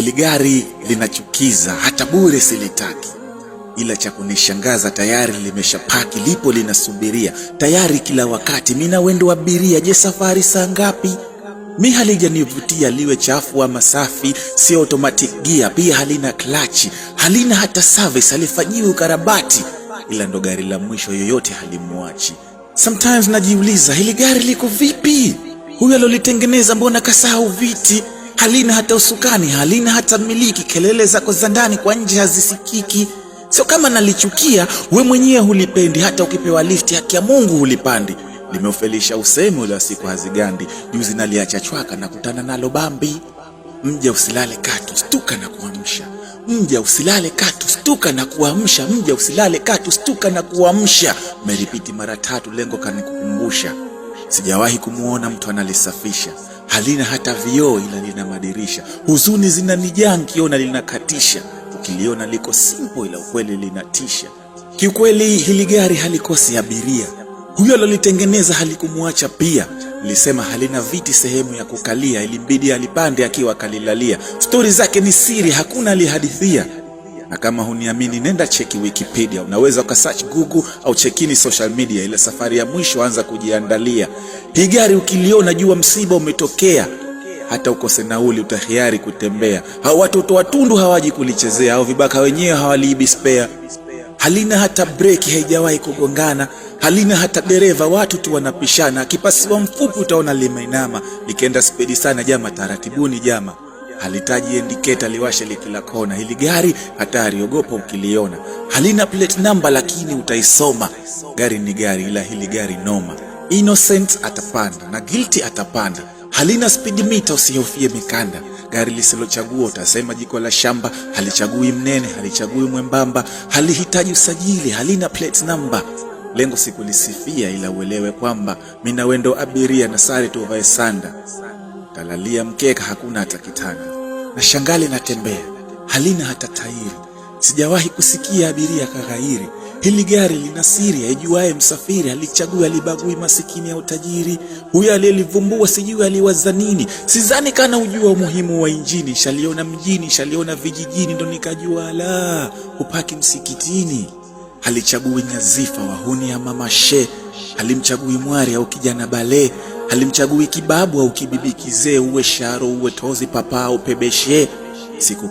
Hili gari linachukiza, hata bure silitaki, ila cha kunishangaza tayari limeshapaki, lipo linasubiria tayari kila wakati. Mimi wendo wa abiria, je, safari saa ngapi? Mi halijanivutia liwe chafu ama safi, si automatic gear, pia halina klachi, halina hata service, halifanyiwi ukarabati, ila ndo gari la mwisho, yoyote halimwachi Sometimes najiuliza hili gari liko vipi? Huyu alolitengeneza mbona kasahau viti? halina hata usukani, halina hata miliki. Kelele zako za ndani kwa nje hazisikiki. Sio kama nalichukia, we mwenyewe hulipendi. Hata ukipewa lifti, haki ya Mungu hulipandi. Limeufelisha usemi ule wa siku hazigandi, juzi naliacha chwaka na kutana nalo bambi. Mja usilale katu, stuka na kuamsha. Mja usilale katu, stuka na kuamsha. Mja usilale katu, stuka na kuamsha. Meripiti mara tatu, lengo kanikukumbusha Sijawahi kumwona mtu analisafisha, halina hata vioo, ila lina madirisha. Huzuni zinanijaa nkiona linakatisha, ukiliona liko simple, ila ukweli linatisha. Kiukweli hili gari halikosi abiria, huyo alolitengeneza halikumwacha pia. Lisema halina viti sehemu ya kukalia, ilibidi alipande akiwa kalilalia. Stori zake ni siri, hakuna alihadithia na kama huniamini, nenda cheki Wikipedia, unaweza ukasearch Google au chekini social media. Ile safari ya mwisho, anza kujiandalia hii gari. Ukiliona jua msiba umetokea, hata ukose nauli, utahiari kutembea. Hao watoto watundu hawaji kulichezea, au vibaka wenyewe hawaliibi spare. Halina hata breki, haijawahi kugongana halina hata dereva, watu tu wanapishana. Akipasiwa mfupi utaona limeinama, ikienda spedi sana jama, taratibuni jama halitaji indicator liwashe kila kona. Hili gari hatari, ogopa ukiliona. Halina plate number, lakini utaisoma. Gari ni gari, ila hili gari noma. Innocent atapanda na guilty atapanda. Halina speed meter, usihofie mikanda. Gari lisilochagua utasema jiko la shamba. Halichagui mnene, halichagui mwembamba, halihitaji usajili, halina plate number. Lengo siku lisifia ila uelewe kwamba mimi na abiria na sare tuvae sanda kalalia mkeka, hakuna hata kitanda, na shangale natembea, halina hata tairi, sijawahi kusikia abiria kaghairi. Hili gari lina siri, aijuaye msafiri, alichagui alibagui, masikini au tajiri. Huyo aliyelivumbua sijui aliwaza nini, kana ujua umuhimu wa injini. Shaliona mjini, shaliona vijijini, ndo nikajua la upaki msikitini. Halichagui nyazifa, wahuni ama mashe, halimchagui mwari au kijana bale halimchagui kibabu au kibibi, kizee uwe sharo uwe tozi, papa upebeshe eh, siku